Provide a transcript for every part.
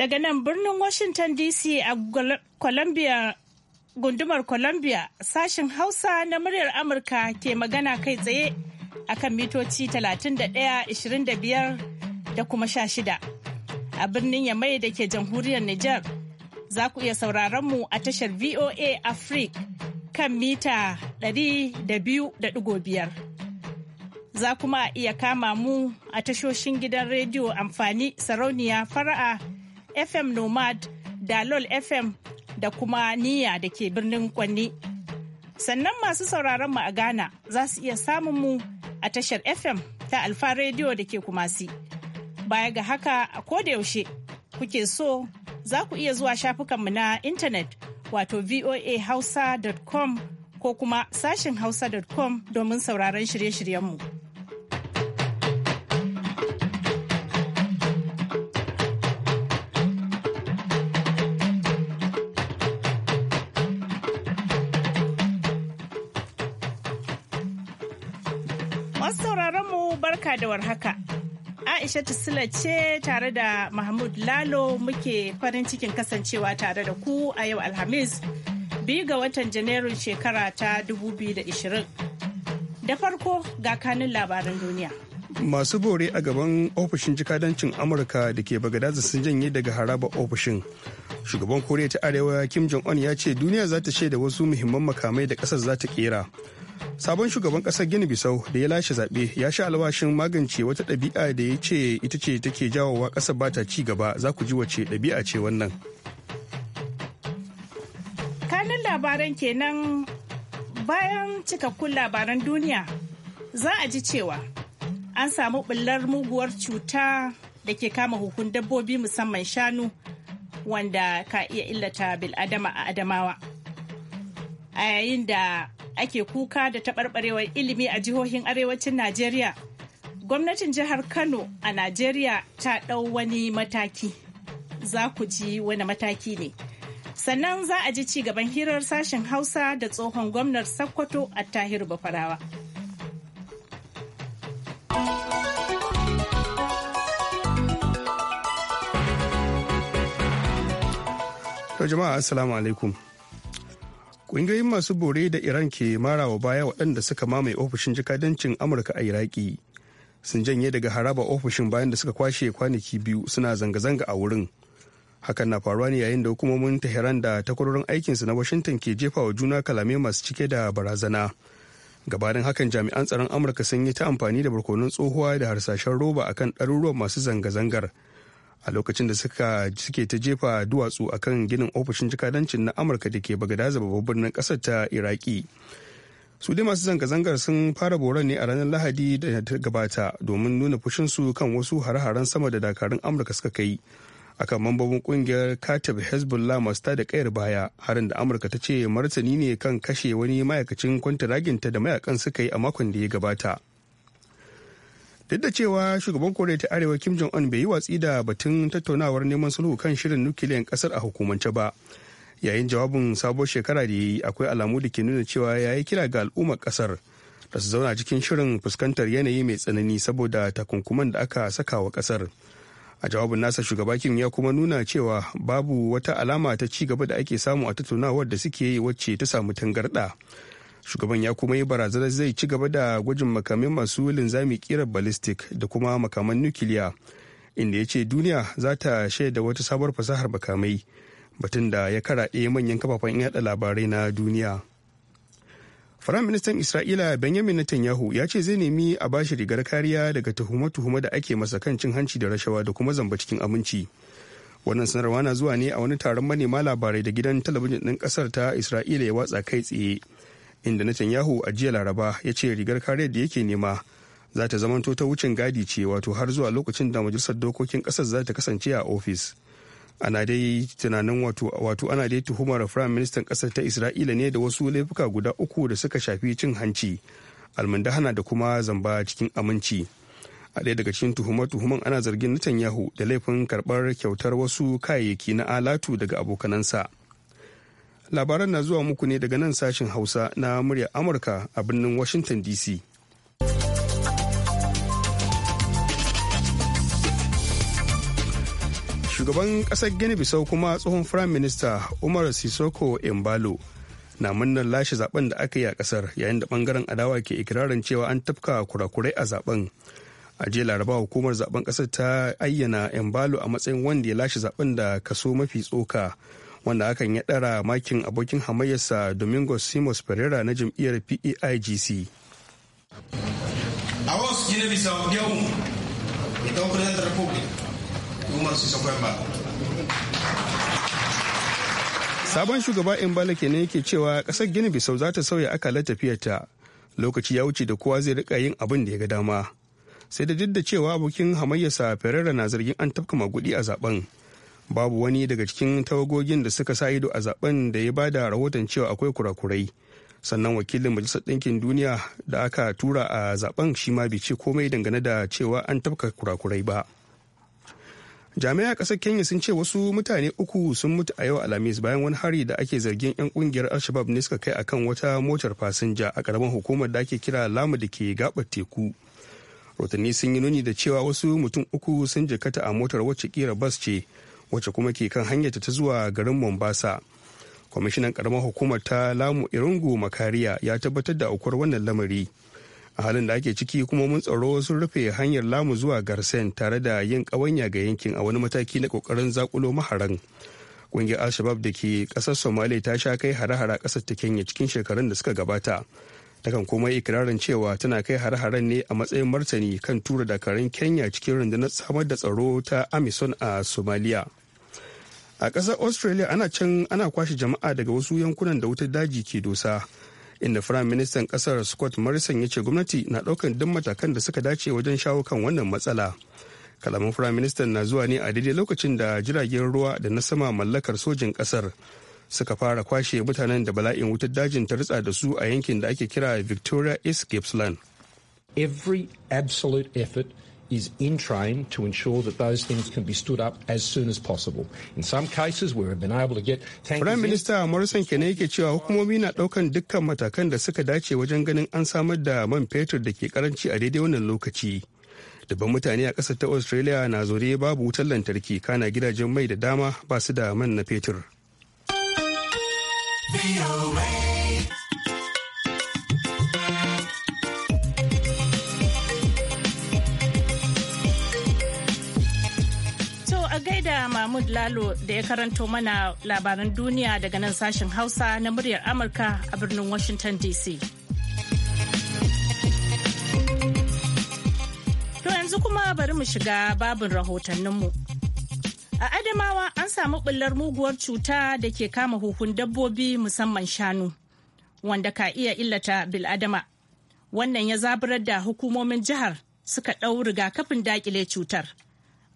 Daga nan birnin Washington DC a Columbia gundumar Columbia sashen Hausa na muryar Amurka ke magana kai tsaye akan mitoci 31, 25 da kuma 16. A birnin Yamai da ke jamhuriyar Nijar za ku iya sauraron mu a tashar VOA Africa kan mita 200.5. za kuma iya kama mu a tashoshin gidan rediyo amfani sarauniya fara'a FM Nomad, da lol FM da kuma Niyya da ke birnin Kwanni. Sannan masu sauraron mu a Ghana za su iya samun mu a tashar FM ta Alfa Radio da ke Kumasi. Baya ga haka a kodayaushe kuke so za ku iya zuwa shafukanmu na intanet wato voahausa.com ko kuma sashin hausa.com domin sauraron shirye-shiryenmu. barka da warhaka. Aisha Sula ce tare da Mahmud Lalo muke farin cikin kasancewa tare da ku a yau Alhamis biyu ga watan Janairun shekara ta 2020. Da farko ga kanin labaran duniya. Masu bore a gaban ofishin jikadancin Amurka da ke Bagadaza sun janye daga haraba ofishin. Shugaban Koriya ta Arewa Kim Jong-un ya ce duniya za ta shaida wasu muhimman makamai da ƙasar za ta ƙera. sabon shugaban kasar gini bisau da ya lashe zaɓe ya sha alwashin magance wata ɗabi'a da ya ce ita ce take jawo jawowa ƙasar ta ci gaba za ku ji wace ɗabi'a ce wannan kanin labaran kenan bayan cikakkun labaran duniya za a ji cewa an samu ɓullar muguwar cuta da ke kama hukun dabbobi musamman shanu wanda ka iya illata bil'adama a adamawa a yayin da ake kuka da taɓarɓarewar ilimi a jihohin arewacin Najeriya, gwamnatin jihar Kano a Najeriya ta ɗau wani mataki. Za ku ji wani mataki ne. Sannan za a ji ci gaban hirar sashen Hausa da tsohon gwamnar Sokoto a Tahiru Bafarawa. jama'a assalamu alaikum. ƙungiyoyin masu bore da iran ke marawa baya waɗanda suka mamaye ofishin jikadancin amurka a iraki sun janye daga haraba ofishin bayan da suka kwashe kwanaki biyu suna zanga-zanga a wurin hakan na faruwa ne yayin da hukumomin tehran da takwarorin aikinsu na washington ke jefa wa juna kalamai masu cike da barazana gabanin hakan jami'an tsaron amurka sun yi ta amfani da barkonon tsohuwa da harsashen roba akan ɗaruruwan masu zanga-zangar zanga zangar a lokacin da suka suke ta jefa duwatsu a kan ginin ofishin jikadancin na amurka da ke bagadaza babban birnin kasar ta iraki su dai masu zanga-zangar sun fara boron ne a ranar lahadi da ta gabata domin nuna fushinsu kan wasu hare-haren sama da dakarun amurka suka kai akan mambobin kungiyar katib hezbollah masu tada kayar baya harin da amurka ta ce martani ne kan kashe wani ma'aikacin kwantaraginta da mayakan suka yi a makon da ya gabata duk da cewa shugaban koriya ta arewa kim jong un bai yi watsi da batun tattaunawar neman sulhu kan shirin nukiliyan kasar a hukumance ba yayin jawabin sabon shekara da yi akwai alamu da ke nuna cewa ya yi kira ga al'ummar kasar da su zauna cikin shirin fuskantar yanayi mai tsanani saboda takunkuman da aka saka wa kasar a jawabin nasa shugaba kim ya kuma nuna cewa babu wata alama ta ci gaba da ake samu a tattaunawar da suke yi wacce ta samu tangarɗa. shugaban ya kuma yi barazanar zai ci gaba da gwajin makamin masu linzami kirar ballistic da kuma makaman nukiliya inda ya ce duniya za ta shaida wata sabuwar fasahar makamai batun da ya karaɗe manyan kafafen yada labarai na duniya Faram Ministan Isra'ila Benjamin Netanyahu ya ce zai nemi a bashi rigar kariya daga tuhume-tuhume da ake masa kan cin hanci da rashawa da kuma zamba cikin aminci. Wannan sanarwa na zuwa ne a wani taron manema labarai da gidan talabijin ɗin ƙasar ta Isra'ila ya watsa kai tsaye. inda Netanyahu a jiya Laraba ya ce rigar kariyar da yake nema za ta zamanto ta wucin gadi ce wato har zuwa lokacin da majalisar dokokin kasar za ta kasance a ofis. Ana dai tunanin wato wato ana dai tuhumar Firayim Ministan kasar ta Isra'ila ne da wasu laifuka guda uku da suka shafi cin hanci, almundahana da kuma zamba cikin aminci. a ɗaya daga cikin tuhumar tuhuman ana zargin Netanyahu da laifin karɓar kyautar wasu kayayyaki na alatu daga abokanansa. labaran na zuwa muku ne daga nan sashen hausa na murya amurka a birnin washington dc shugaban kasar gini bisau kuma tsohon firayim minista umar sisoko embalo na murnar lashe zaben da aka yi a kasar yayin da bangaren adawa ke ikirarin cewa an tafka kurakurai a zaben a jiya laraba hukumar zaben kasar ta ayyana embalo a matsayin wanda ya lashe zaben da kaso mafi tsoka wanda hakan ya ɗara makin abokin hamayyarsa domingo simos pereira na jam'iyyar peigc sabon shugaba imbala ne yake cewa kasar gini bisau za ta sauya akalar tafiyarta lokaci ya wuce da kowa zai rika yin abin da ya ga dama sai da duk da cewa abokin hamayyarsa ferreira na zargin an tafka magudi a zaben babu wani daga cikin tawagogin da suka sa ido a zaben da ya bada rahoton cewa akwai kurakurai sannan wakilin majalisar ɗinkin duniya da aka tura a zaben shi ma bai ce komai dangane da cewa an tafka kurakurai ba jami'a ƙasar kenya sun ce wasu mutane uku sun mutu a yau alhamis bayan wani hari da ake zargin 'yan kungiyar alshabab ne suka kai akan wata motar fasinja a ƙaramin hukumar da ake kira lamu da ke gabar teku rotanni sun yi nuni da cewa wasu mutum uku sun jakata a motar wacce kira bas ce wacce kuma ke kan hanyarta ta zuwa garin mombasa kwamishinan karamar hukumar ta lamu irungu makariya ya tabbatar da aukuwar wannan lamari a halin da ake ciki kuma mun tsaro sun rufe hanyar lamu zuwa garsen tare da yin ƙawanya ga yankin a wani mataki na ƙoƙarin zakulo maharan ƙungiyar al-shabab da ke ƙasar somalia ta sha kai hare-hare ƙasar ta kenya cikin shekarun da suka gabata takan kuma ikirarin cewa tana kai hare-haren ne a matsayin martani kan tura dakarun kenya cikin rundunar samar da tsaro ta amison a somaliya. a ƙasar australia ana can ana kwashe jama'a daga wasu yankunan da wutar daji ke dosa inda firayim ministan ƙasar scott morrison ya ce gwamnati na ɗaukan duk matakan da suka dace wajen shawo kan wannan matsala kalaman firayim ministan na zuwa ne a daidai lokacin da jiragen ruwa da na sama mallakar sojin ƙasar suka fara kwashe mutanen da bala'in wutar dajin ta ritsa da su a yankin da ake kira victoria east gippsland every absolute is in train to ensure that those things can be stood up as soon as possible. In some cases, we have been able to get tankers. Prime Minister Morrison ke yake cewa hukumomi na daukan dukkan matakan da suka dace wajen ganin an samar da man fetur da ke karanci a daidai wannan lokaci. Dabban mutane a ƙasar ta Australia na zore babu wutar lantarki kana gidajen mai da dama ba su da man na fetur. Lalo da ya karanto mana labaran duniya daga nan sashen Hausa na muryar Amurka a birnin Washington DC. To yanzu kuma bari mu shiga babin rahotanninmu. A Adamawa an samu ɓullar muguwar cuta da ke kama huhun dabbobi musamman shanu, wanda ka iya illata bil'adama. Wannan ya zaburar da hukumomin jihar suka ɗau rigakafin dakile cutar.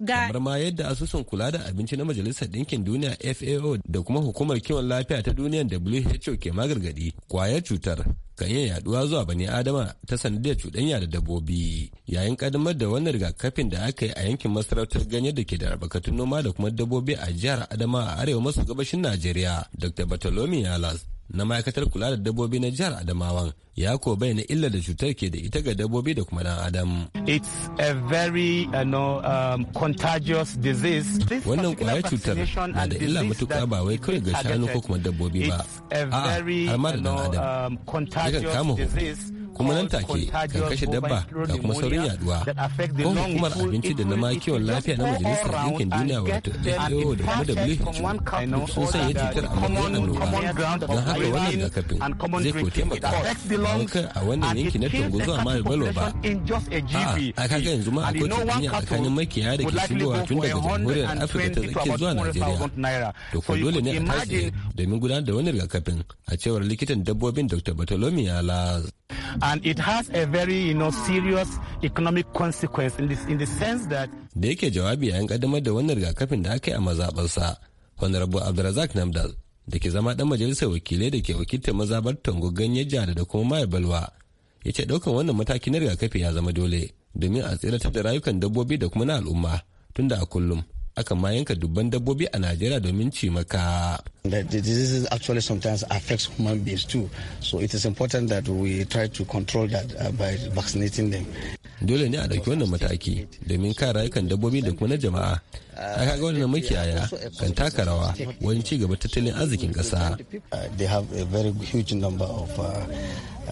ga kamar ma yadda asusun kula da abinci na majalisar ɗinkin duniya FAO da kuma hukumar kiwon lafiya ta duniya WHO ke magargadi kwayar cutar kan iya yaduwa zuwa bani adama ta sanadiyar cuɗanya da dabbobi yayin kadamar da wannan rigakafin da aka yi a yankin masarautar ganye da ke da albarkatun noma da kuma dabbobi a jihar adama a arewa maso gabashin najeriya dr bartolome yalas na ma'aikatar kula da dabbobi na jihar Adamawan ya ko na illar da cutar ke da ita ga dabbobi da kuma dan adam. It's a very you uh, know, um, contagious disease. Wannan kwayar cutar na da illa matuƙa ba wai kawai ga shanu ko kuma dabbobi ba. A'a, har ma da dan uh, adam. Um, Yakan kama huhu. kuma nan take kan kashe dabba da kuma saurin yaduwa ko hukumar abinci da na ma kiwon lafiya na majalisar yankin duniya wato WHO da kuma WHO sun sanya cutar a matsayin annoba don haka wannan rigakafin zai ko taimaka ba a wannan yanki na Tungo zuwa Mali Balo ba a kaga yanzu ma kotun duniya tsakanin makiya da ke shigowa tun daga jamhuriyar Afirka ta tsakiya zuwa Najeriya to ko dole ne a tashi domin gudanar da wani rigakafin a cewar likitan dabbobin Dr. Bartolome Yala. and it has a very you know, serious economic consequence in, this, in the sense that da yake jawabi yayin kaddamar da wannan rigakafin da aka yi a sa honorable abdulrazak namdal da ke zama dan majalisar wakilai da ke wakiltar mazabar tongo ganye jada da kuma mahaibalwa balwa ya ce daukan wannan matakin na rigakafi ya zama dole domin a tsiratar da rayukan dabbobi da kuma na al'umma tunda a kullum aka ma yanka dubban dabbobi a Najeriya domin maka The disease actually sometimes affects human beings too, so it is important that we try to control that uh, by vaccinating them. Dole ne a ɗauki wannan mataki domin kare rayukan dabbobi da kuma na jama'a ai kaga wannan makiyaya kan taka rawa wajen ci gaba tattalin arzikin ƙasa uh, they have a very huge number of uh,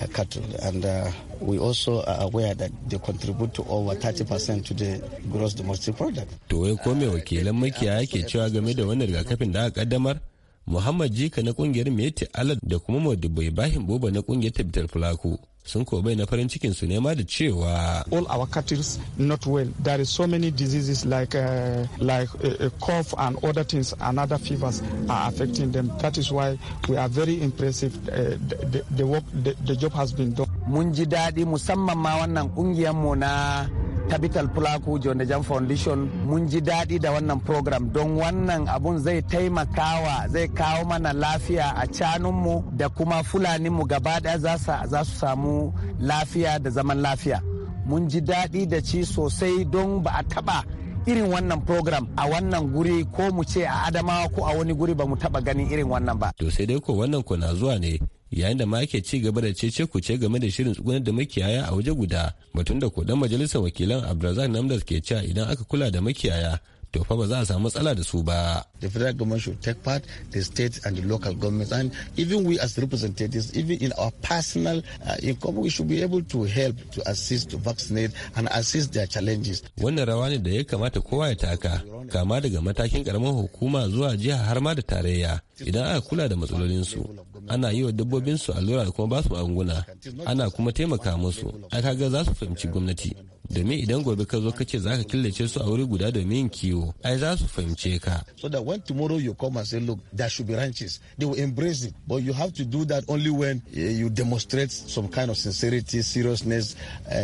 uh, cattle. And uh, we also are aware that they contribute to over 30% to the gross domestic product. To wai ko me wakilan makiyaya ke cewa game da wannan rigakafin da aka kaddamar? Muhammad Jika na kungiyar Meti Alad da kuma Modibai Bahim Boba na kungiyar Tabbatar Fulako sun ko na farin cikin su nema da cewa all our cattle not well there is so many diseases like uh, like uh, uh, cough and other things and other fevers are affecting them that is why we are very impressive uh, the, the, work the, the job has been done mun ji daɗi musamman ma wannan ƙungiyar mu na capital plaku john da foundation mun ji daɗi da wannan program don wannan abun zai taimakawa zai kawo mana lafiya a canunmu da kuma fulaninmu gaba ɗaya za su samu lafiya da zaman lafiya mun ji daɗi da ci sosai don ba a taɓa irin wannan program a wannan guri ko mu ce a adamawa ko a wani guri ba mu taɓa ganin irin wannan ba to sai dai ko wannan ko na zuwa ne yayin da ma yake ci gaba da cece kuce game da shirin tsugunar da makiyaya a waje guda batun da kudan majalisar wakilan abdulrazak namdas ke cewa idan aka kula da makiyaya to fa ba za a samu matsala da su ba. The federal government should take part, the state and the local governments, and even we as representatives, even in our personal uh, income, we should be able to help, to assist, to vaccinate and assist their challenges. Wannan rawa ne da ya kamata kowa ya taka, kama daga matakin karamar hukuma zuwa jiha har ma da tarayya. idan aka kula da matsalolinsu ana yi wa dabbobinsu allura da kuma ba su anguna ana kuma taimaka musu a kaga za su fahimci gwamnati domin idan gobe ka zo ka ce za ka killace su a wuri guda domin yin kiwo ai za su fahimce ka so that when tomorrow you come and say look there should be ranches they will embrace it but you have to do that only when eh, you demonstrate some kind of sincerity seriousness uh,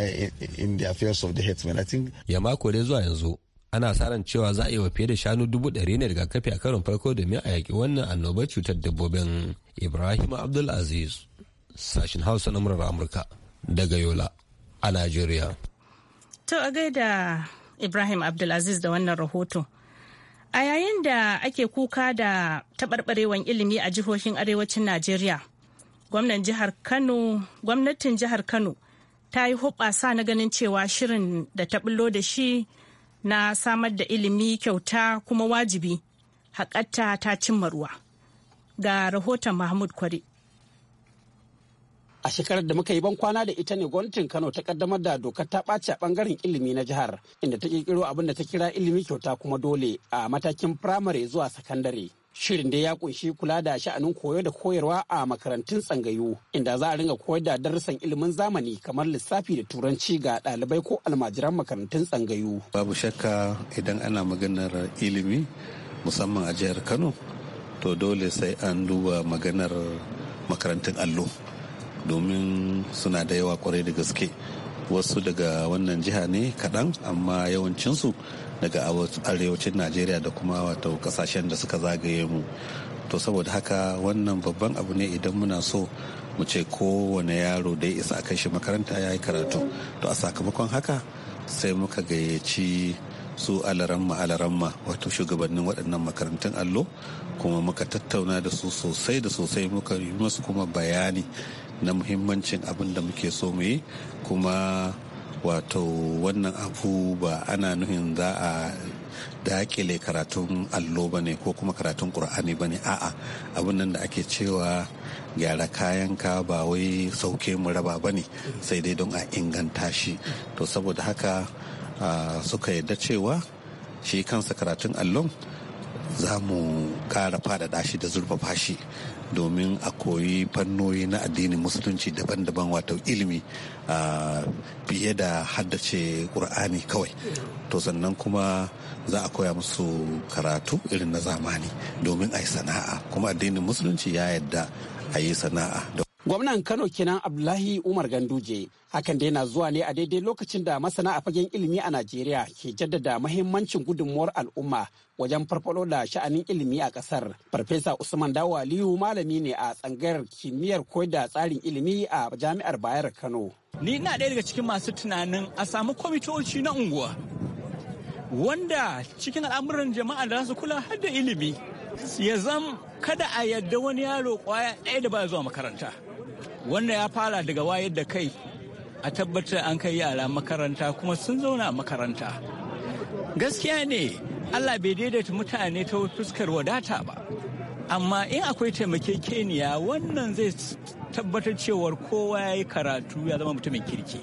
in, the affairs of the herdsmen i think ya mako dai zuwa yanzu ana sa ran cewa za a yi wa fiye da shanu dubu ɗari ne rigakafi a karon farko domin a yaƙi wannan annobar cutar dabbobin ibrahim abdulaziz sashen hausa na murar amurka daga yola a nigeria. to a gaida ibrahim abdulaziz da wannan rahoto a yayin da ake kuka da taɓarɓarewan ilimi a jihohin arewacin najeriya gwamnatin jihar kano ta yi hoɓasa na ganin cewa shirin da ta bullo da shi na samar da ilimi kyauta kuma wajibi haƙatta ta cimma ruwa ga rahoton mahmud kwari a shekarar da muka yi ban kwana da ita ne gwamnatin kano ta kaddamar da dokar ta ɓace a ɓangaren ilimi na jihar inda ta ƙirƙiro abin da ta kira ilimi kyauta kuma dole a matakin firamare zuwa sakandare Shirin da ya kunshi kula da sha'anin koyo da koyarwa a makarantun tsangayu inda za a ringa koyar da darussan ilimin zamani kamar lissafi da turanci ga ɗalibai ko almajiran makarantun tsangayu. Babu shakka idan ana maganar ilimi musamman a jihar Kano to dole sai an duba maganar makarantun allo domin suna da yawa kwarai da gaske wasu daga wannan jiha ne kaɗan amma yawancinsu daga arewacin najeriya da kuma wato ƙasashen da suka zagaye mu to saboda haka wannan babban abu ne idan muna so mu ce kowane yaro da ya isa a kai shi makaranta ya yi karatu to a sakamakon haka sai muka gayyaci su alaramma alaramma wato shugabannin waɗannan makarantun allo kuma muka tattauna da su sosai da sosai muka yi musu kuma bayani na muhimmancin abin da muke so mu yi kuma wato wannan abu ba ana nuhin za a dakile karatun allo ba ne ko kuma karatun ƙur'ani ba ne a'a abin nan da ake cewa gyara kayan ka ba wai sauke mu raba ba ne sai dai don a inganta shi to saboda haka ah, suka yarda cewa shi kansa karatun allon za mu kara faɗaɗa shi da zurfafa shi domin a koyi fannoyi na addinin musulunci daban-daban wato ilimi fiye da haddace ƙur'ani kawai to sannan kuma za a koya musu karatu irin na zamani domin a yi sana'a kuma addinin musulunci ya yadda a yi sana'a Gwamnan Kano kenan Abdullahi Umar Ganduje hakan dai na zuwa ne a daidai lokacin da masana a fagen ilimi a Najeriya ke jaddada mahimmancin gudunmuwar al'umma wajen farfado da sha'anin ilimi a kasar. Farfesa Usman Dawo Aliyu malami ne a tsangayar kimiyyar koyar da tsarin ilimi a Jami'ar Bayar Kano. Ni ina ɗaya daga cikin masu tunanin a samu kwamitoci na unguwa wanda cikin al'amuran jama'a da za su kula har da ilimi. ya zam kada a yadda wani yaro kwaya ɗaya da ba zuwa makaranta wanda ya fara daga wayar da kai a tabbatar an kai yara makaranta kuma sun zauna a makaranta gaskiya ne allah bai daidaita mutane ta fuskar wadata ba amma in akwai taimakekeniya wannan zai tabbatar cewar kowa ya yi karatu ya zama mutumin kirki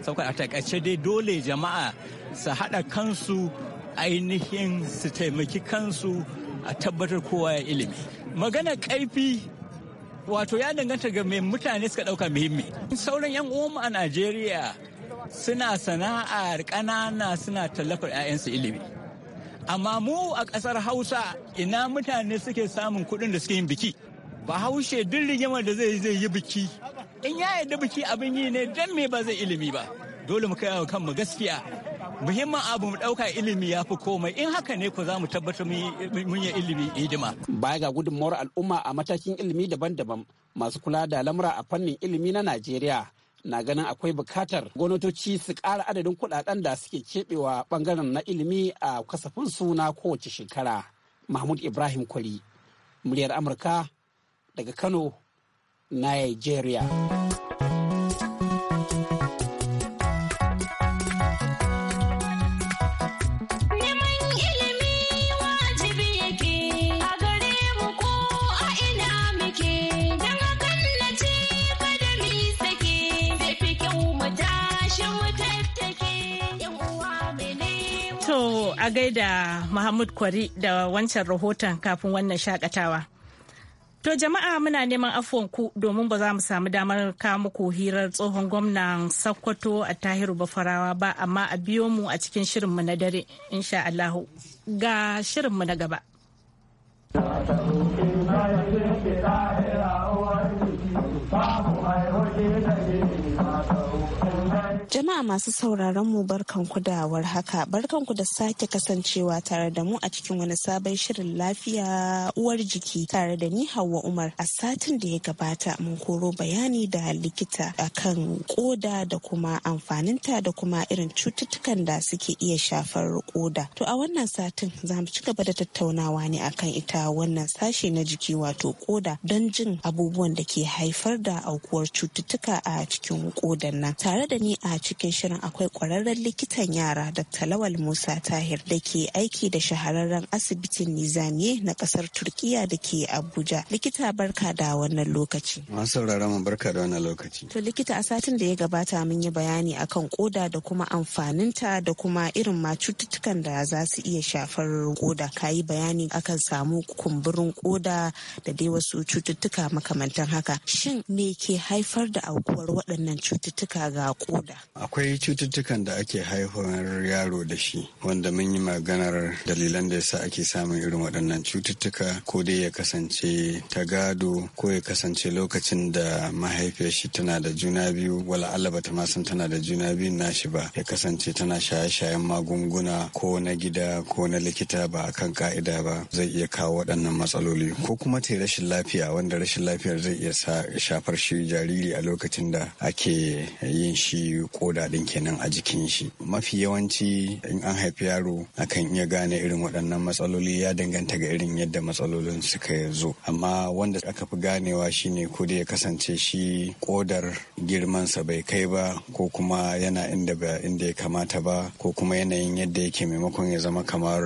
saboda a takaice dai dole jama'a su haɗa kansu ainihin su taimaki kansu a tabbatar kowa ya ilimi magana karfi wato ya danganta ga mai mutane suka dauka muhimmi sauran yan uwanmu a najeriya suna sana'ar kanana suna tallafar 'ya'yansu ilimi amma mu a kasar hausa ina mutane suke samun kuɗin da suke yin biki ba haushe duk rigimar da zai zai yi biki in ya yarda biki abin yi ne don me ba zai ilimi ba dole mu kai wa kanmu gaskiya Muhimman abu mu ɗauka ilimi ya fi komai in haka ne ku za mu tabbatar mun yi ilimi hidima. Baya ga gudunmawar al'umma a matakin ilimi daban-daban masu kula da lamura a fannin ilimi na Najeriya na ganin akwai bukatar gwamnatoci su kara adadin kuɗaɗen da suke keɓewa ɓangaren na ilimi a kasafin na kowace shekara. Mahmud Ibrahim Kwari, muryar Amurka daga Kano, na Nigeria. a gaida Mahmud Kwari da wancan rahoton kafin wannan shakatawa. To jama'a muna neman afuwan ku domin ba za mu samu damar kawo muku hirar tsohon gwamnan Sokoto a Tahiru Bafarawa ba amma a biyo mu a cikin shirinmu na dare insha Allahu ga mu na gaba. Jama'a masu sauraron mu barkanku da warhaka barkanku da sake kasancewa tare da mu a cikin wani sabon shirin lafiya uwar jiki tare da ni Hauwa Umar a satin da ya gabata mun koro bayani da likita akan koda da kuma amfaninta da kuma irin cututtukan da suke iya shafar koda. To a wannan satin za mu ci gaba da tattaunawa ne akan ita wannan sashe na jiki wato koda don jin abubuwan da ke haifar da auku aukuwar cututtuka a cikin kodan nan tare da ni a cikin shirin akwai kwararren likitan yara da talawal musa tahir da ke aiki da shahararren asibitin nizamiye na kasar turkiya da ke abuja likita barka da wannan lokaci masu sauraron barka da wannan lokaci to likita a satin da ya gabata mun yi bayani akan koda da kuma amfaninta da kuma irin ma cututtukan da za su iya shafar koda ka yi bayani akan samu kumburin koda da dai wasu cututtuka makamantan haka shin me ke haifar da aukuwar waɗannan cututtuka ga koda. Akwai cututtukan da ake haifar yaro da shi wanda mun yi maganar dalilan da yasa ake samun irin waɗannan cututtuka ko dai ya kasance ta gado ko ya kasance lokacin da mahaifiyar shi tana da juna biyu wala Allah ta ma san tana da juna biyun nashi ba ya kasance tana shaye-shayen magunguna ko na gida ko na likita ba kan ka'ida ba zai iya kawo waɗannan matsaloli ko kuma ta rashin lafiya wanda rashin lafiyar zai iya shafar shi jariri a lokacin da ake yin shi koda din kenan a jikin shi mafi yawanci in an haifi yaro akan iya gane irin waɗannan matsaloli ya danganta ga irin yadda matsalolin suka zo amma wanda aka fi ganewa shine ko da ya kasance shi kodar girmansa bai kai ba ko kuma yana inda ba inda ya kamata ba ko kuma yanayin yadda yake maimakon ya zama kamar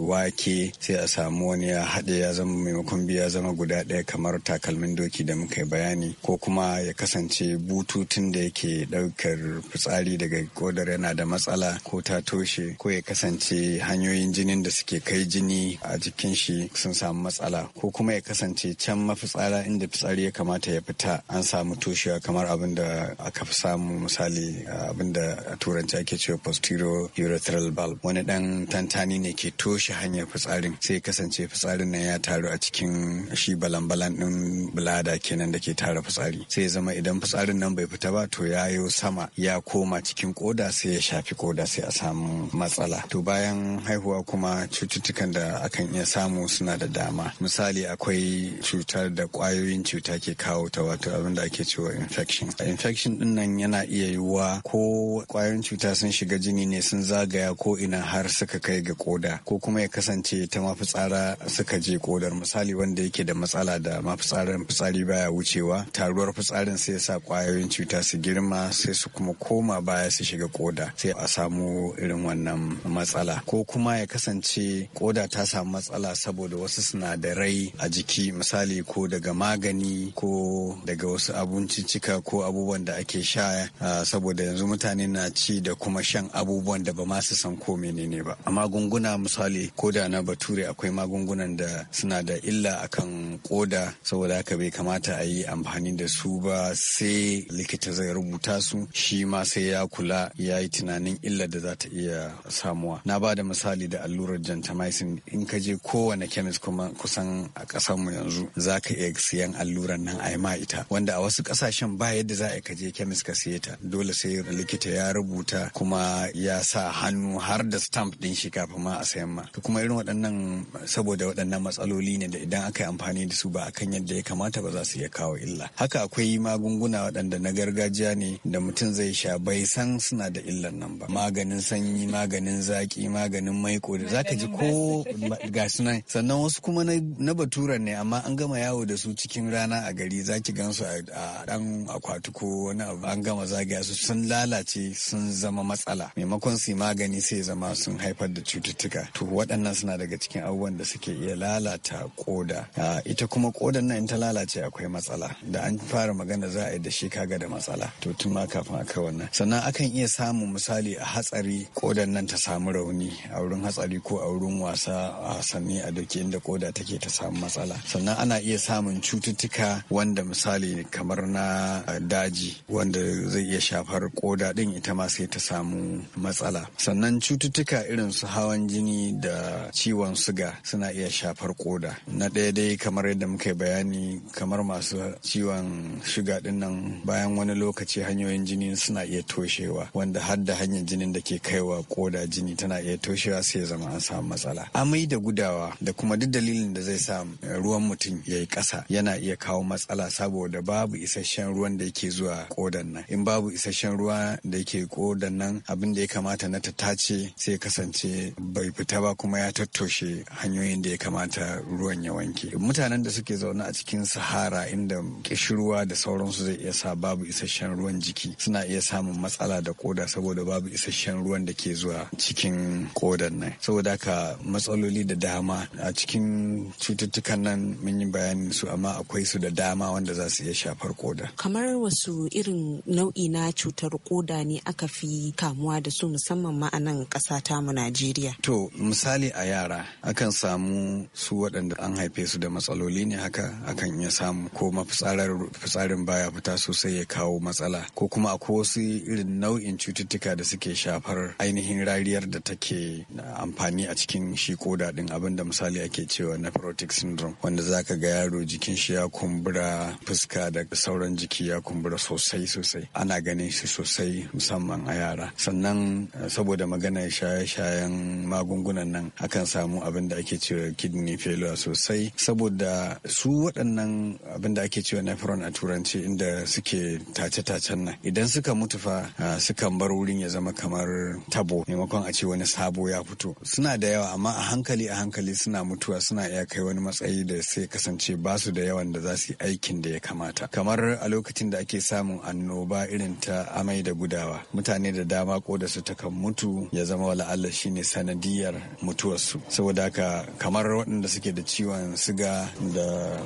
wake sai a samu wani ya haɗe ya zama maimakon biya zama guda ɗaya kamar takalmin doki da muka bayani ko kuma ya kasance bututun da yake ɗaukar fitsari daga kodar yana da matsala ko ta toshe ko ya kasance hanyoyin jinin da suke kai jini a jikin shi sun samu matsala ko kuma ya kasance can mafitsara inda fitsari ya kamata ya fita an samu toshewa kamar abin da aka fi samu misali abin da a turanci ake cewa posterior urethral valve wani dan tantani ne ke toshe hanyar fitsarin sai kasance fitsarin nan ya taru a cikin shi balan-balan din bulada kenan da ke tara fitsari sai sai zama idan fitsarin nan bai fita ba to ya yayo sama ya koma cikin koda sai ya shafi koda sai a samu matsala to bayan haihuwa kuma cututtukan da akan iya samu suna da dama misali akwai cutar da kwayoyin cuta ke kawo ta wato abin da ake cewa infection infection din nan yana iya yiwuwa ko kwayoyin cuta sun shiga jini ne sun zagaya ko ina har suka kai ga koda ko kuma ya kasance ta mafitsara suka je kodar misali wanda yake da matsala da mafitsarar fitsari baya wucewa taruwar yorar fitsarin sai sa kwayoyin cuta su girma sai su kuma koma baya su shiga koda sai a samu irin wannan matsala ko kuma ya kasance koda ta samu matsala saboda wasu sinadarai a jiki misali ko daga magani ko daga wasu abinciccika ko abubuwan da ake sha saboda yanzu mutane na ci da kuma shan abubuwan da ba ma su san ko menene ba a magunguna misali koda na bature akwai magungunan da suna da illa akan koda saboda haka bai kamata a yi amfani da su su ba sai likita zai rubuta su shi ma sai ya kula ya yi tunanin illar da za ta iya samuwa na ba da misali da allurar gentamicin in ka je kowane kemis kuma kusan a ƙasarmu yanzu za ka iya siyan allurar nan a ma ita wanda a wasu kasashen ba yadda za a ka je kemis ka siye ta dole sai likita ya rubuta kuma ya sa hannu har da stamp din shi kafin ma a sayan ma kuma irin waɗannan saboda waɗannan matsaloli ne da idan aka yi amfani da su ba akan yadda ya kamata ba za su iya kawo illa haka akwai magunguna waɗanda na gargajiya ne da mutum zai sha bai san suna da illan nan ba maganin sanyi maganin zaki maganin maiko da zaka ji ko ga nan. sannan wasu kuma na baturan ne amma an gama yawo da su cikin rana a gari zaki gansu a dan akwati ko wani abu an gama zagaya su sun lalace sun zama matsala maimakon su magani sai zama sun haifar da cututtuka to waɗannan suna daga cikin abubuwan da suke iya lalata koda ita kuma kodan nan in ta lalace akwai matsala da an fara fara magana za a yi da shi kaga da matsala to tun ma kafin a kai wannan sannan akan iya samun misali a hatsari kodan nan ta samu rauni a wurin hatsari ko a wurin wasa a wasanni a duk inda koda take ta samu matsala sannan ana iya samun cututtuka wanda misali kamar na eh, daji wanda zai iya shafar koda din ita ma sai ta samu matsala sannan cututtuka irin su hawan jini da ciwon suga suna iya shafar koda na ɗaya dai kamar yadda muka bayani kamar masu ciwon shiga din nan bayan wani lokaci hanyoyin jini suna iya toshewa wanda har da hanyar jinin da ke kaiwa koda jini tana iya toshewa sai ya zama an samu matsala amai da gudawa da kuma duk dalilin da zai sa eh, ruwan mutum ya yi ƙasa yana iya kawo matsala saboda babu isasshen ruwan da yake zuwa kodan nan in babu isasshen ruwa da yake kodan nan abin da ya kamata na ta tace sai kasance bai fita ba kuma ya tattoshe hanyoyin da ya kamata ruwan ya wanke mutanen da suke zaune a cikin sahara inda kishirwa da sauransu zai iya sa babu isasshen ruwan jiki suna iya samun matsala da koda saboda babu isasshen ruwan da ke zuwa cikin kodan nan saboda haka matsaloli da dama a cikin cututtukan nan mun yi bayanin su amma akwai su da dama wanda za su iya shafar koda kamar wasu irin nau'i na cutar koda ne aka fi kamuwa da su musamman ma a nan ƙasa ta mu Najeriya to misali a yara akan samu su waɗanda an haife su da matsaloli ne haka akan iya samu ko mafitsarar fitsarin baya fita sosai ya kawo matsala ko kuma akwai wasu irin nau'in cututtuka da suke shafar ainihin rariyar da take amfani a cikin shi koda din abin da misali ake cewa nephrotic syndrome wanda zaka ga yaro jikin shi ya kumbura fuska da sauran jiki ya kumbura sosai sosai ana ganin shi sosai musamman a yara sannan eh, saboda magana shaye-shayen magungunan nan akan samu abin da ake cewa kidney failure sosai saboda su waɗannan abin da ake cewa nephron turanci inda suke tace-tacen nan idan suka mutu fa ah, sukan bar wurin ya zama kamar tabo maimakon a ce wani sabo ya fito suna da yawa amma a hankali a hankali suna mutuwa suna iya kai wani matsayi da sai kasance ba su da yawan da za su yi aikin da ya kamata kamar a lokacin da ake samun annoba irin ta amai da gudawa mutane da dama ko da su takan mutu ya zama wala Allah shine sanadiyar mutuwarsu saboda haka kamar waɗanda suke da ciwon siga da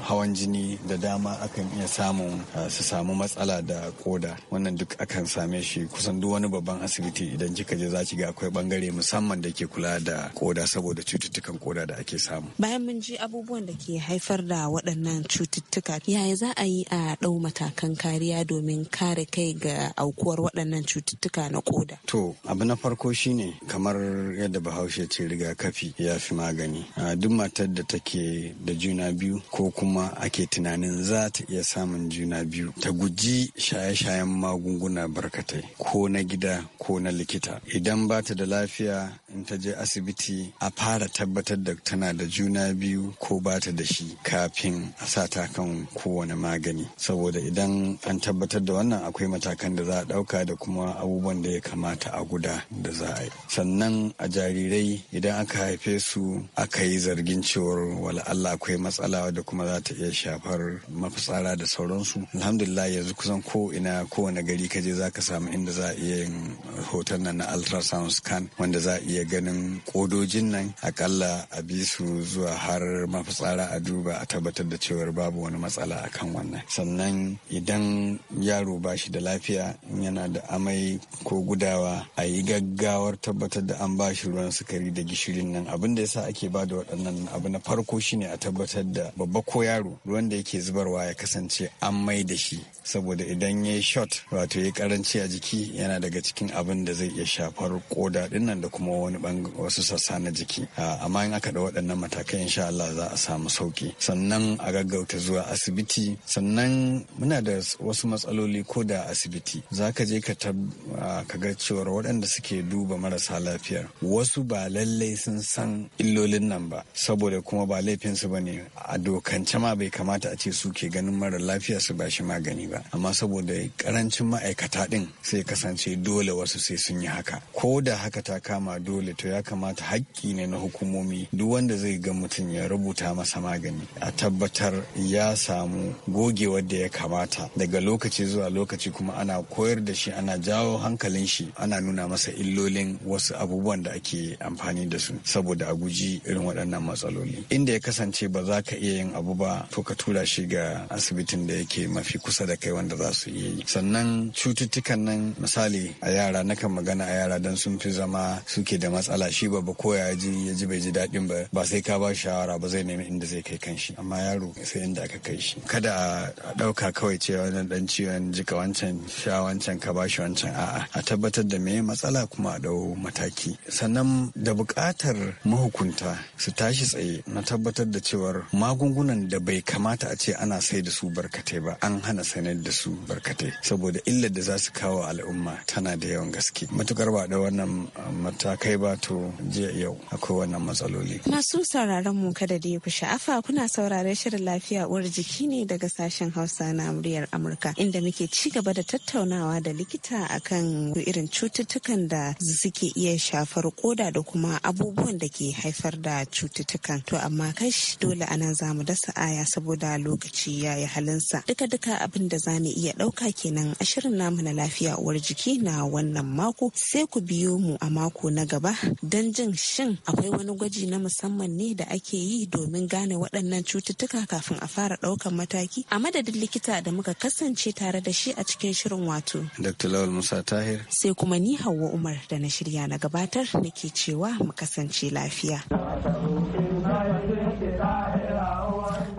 hawan jini da dama akan iya samun samun ah, su samu matsala da koda wannan duk akan same shi kusan duk wani babban asibiti idan kika je za ki ga akwai bangare musamman da ke kula da koda saboda cututtukan koda da ake samu bayan mun ji abubuwan da ke haifar da waɗannan cututtuka yaya za a yi a ɗau matakan kariya domin kare kai ga aukuwar waɗannan cututtuka na koda to abu na farko shine kamar yadda bahaushe ce rigakafi ya fi magani ah, duk matar da take da juna biyu ko kuma ake tunanin za ta iya samun juna biyu ta guji shaye-shayen magunguna barkatai ko na gida ko na likita idan ba ta da lafiya in ta je asibiti a fara tabbatar da tana da juna biyu ko ba ta da shi kafin a sa ta kan kowane magani saboda idan an tabbatar da wannan akwai matakan da za a ɗauka da kuma abubuwan da ya kamata a guda da za a yi sannan a jarirai idan aka haife su aka yi zargin cewar wala Allah akwai matsala da kuma za ta iya shafar mafitsara da sauransu alhamdulillah yanzu kusan ko ina kowane gari ka je za ka samu inda za a iya yin hoton nan na ultrasound scan wanda za a iya ganin kodojin nan akalla a bi su zuwa har mafitsara a duba a tabbatar da cewar babu wani matsala a kan wannan sannan idan yaro ba shi da lafiya yana da amai ko gudawa a yi gaggawar tabbatar da an ba shi ruwan sukari da gishirin nan abin da yasa ake ba da waɗannan abu na farko shine a tabbatar da babba ko yaro ruwan da yake zubarwa ya kasance an mai da shi saboda idan ya yi shot wato ya karanci a jiki yana daga cikin abin da zai iya shafar koda dinnan da kuma wani wani wasu sassa na jiki amma in aka da waɗannan matakai insha Allah za a samu sauki sannan a gaggauta zuwa asibiti sannan muna da wasu matsaloli ko da asibiti za ka je ka ga cewar waɗanda suke duba marasa lafiyar wasu ba lallai sun san illolin nan ba saboda kuma ba laifinsu ba ne a dokance ma bai kamata a ce su ke ganin mara lafiya su bashi magani ba amma saboda karancin ma'aikata ɗin sai kasance dole wasu sai sun yi haka ko da haka ta kama dole dole to ya kamata haƙƙi ne na hukumomi duk wanda zai ga mutum ya rubuta masa magani a tabbatar ya samu gogewar da ya kamata daga lokaci zuwa lokaci kuma ana koyar da shi ana jawo hankalin shi ana nuna masa illolin wasu abubuwan da ake amfani da su saboda a guji irin waɗannan matsaloli inda ya kasance ba za ka iya yin abu ba to ka tura shi ga asibitin da yake mafi kusa da kai wanda za su iya yi sannan cututtukan nan misali a yara nakan magana a yara don sun fi zama suke da da matsala shi ba ba ko ya ji ya ji bai ji daɗin ba ba sai ka ba shawara ba zai nemi inda zai kai kanshi amma yaro sai inda aka kai shi kada a ɗauka kawai cewa wannan dan ciwon jika wancan sha wancan ka bashi wancan a'a a tabbatar da me matsala kuma a ɗau mataki sannan da buƙatar mahukunta su tashi tsaye na tabbatar da cewar magungunan da bai kamata a ce ana sai da su barkatai ba an hana sanar da su barkatai saboda illar da za su kawo al'umma tana da yawan gaske matukar ba da wannan matakai kai ba to jiya yau akwai wannan matsaloli. Masu sauraron mu kada da ku sha'afa kuna saurare shirin lafiya uwar jiki ne daga sashen Hausa na muryar Amurka inda muke ci gaba da tattaunawa da likita akan irin cututtukan da suke iya shafar koda da kuma abubuwan da ke haifar da cututtukan. To amma kash dole anan za mu dasa aya saboda lokaci ya yi halinsa. Duka-duka abin da za mu iya ɗauka kenan a shirin namu na lafiya uwar jiki na wannan mako sai ku biyo mu a mako na gaba gaba don jin shin akwai wani gwaji na musamman ne da ake yi domin gane waɗannan cututtuka kafin a fara ɗaukan mataki a madadin likita da muka kasance tare da shi a cikin shirin wato. Dr. Lawal Musa Tahir. Sai kuma ni Hauwa Umar da na shirya na gabatar nake cewa mu kasance lafiya.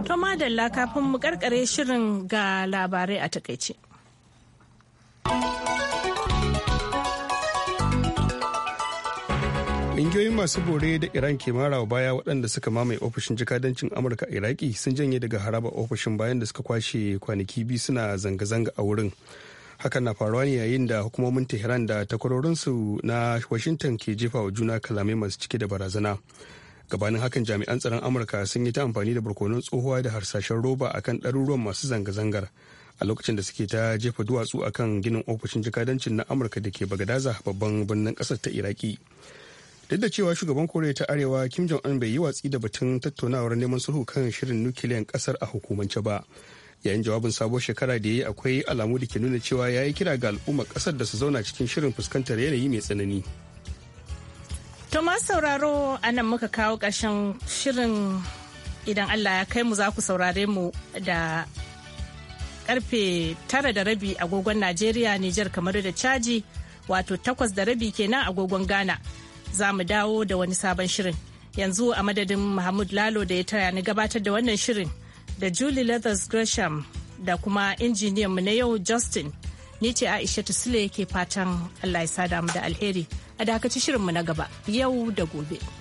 To madalla kafin mu karkare shirin ga labarai a takaice. ƙungiyoyin masu bore da iran ke mara baya waɗanda suka mamaye ofishin jikadancin amurka a iraki sun janye daga haraba ofishin bayan da suka kwashe kwanaki biyu suna zanga-zanga a wurin hakan na faruwa ne yayin da hukumomin tehran da takwarorinsu na washington ke jefa wa juna kalamai masu cike da barazana gabanin hakan jami'an tsaron amurka sun yi ta amfani da barkonon tsohuwa da harsashen roba akan ɗaruruwan masu zanga-zangar a lokacin da suke ta jefa duwatsu akan ginin ofishin jikadancin na amurka da ke bagadaza babban birnin ƙasar ta iraki duk da cewa shugaban koriya ta arewa kim jong un bai yi watsi da batun tattaunawar neman sulhu kan shirin nukiliyan kasar a hukumance ba yayin jawabin sabuwar shekara da ya akwai alamu da ke nuna cewa ya yi kira ga al'umma kasar da su zauna cikin shirin fuskantar yanayi mai tsanani to masu sauraro a nan muka kawo ƙarshen shirin idan allah ya kai mu za ku saurare mu da karfe tara da rabi agogon Najeriya, Nijar kamar da caji wato takwas da rabi kenan agogon Ghana. za mu dawo da wani sabon shirin yanzu a madadin mahmud lalo da ya taya ni gabatar da wannan shirin da julie leathers gresham da kuma injiniyan mu na yau justin ni ce aisha sule ke fatan allah ya sada mu da alheri a dakaci mu na gaba yau da gobe.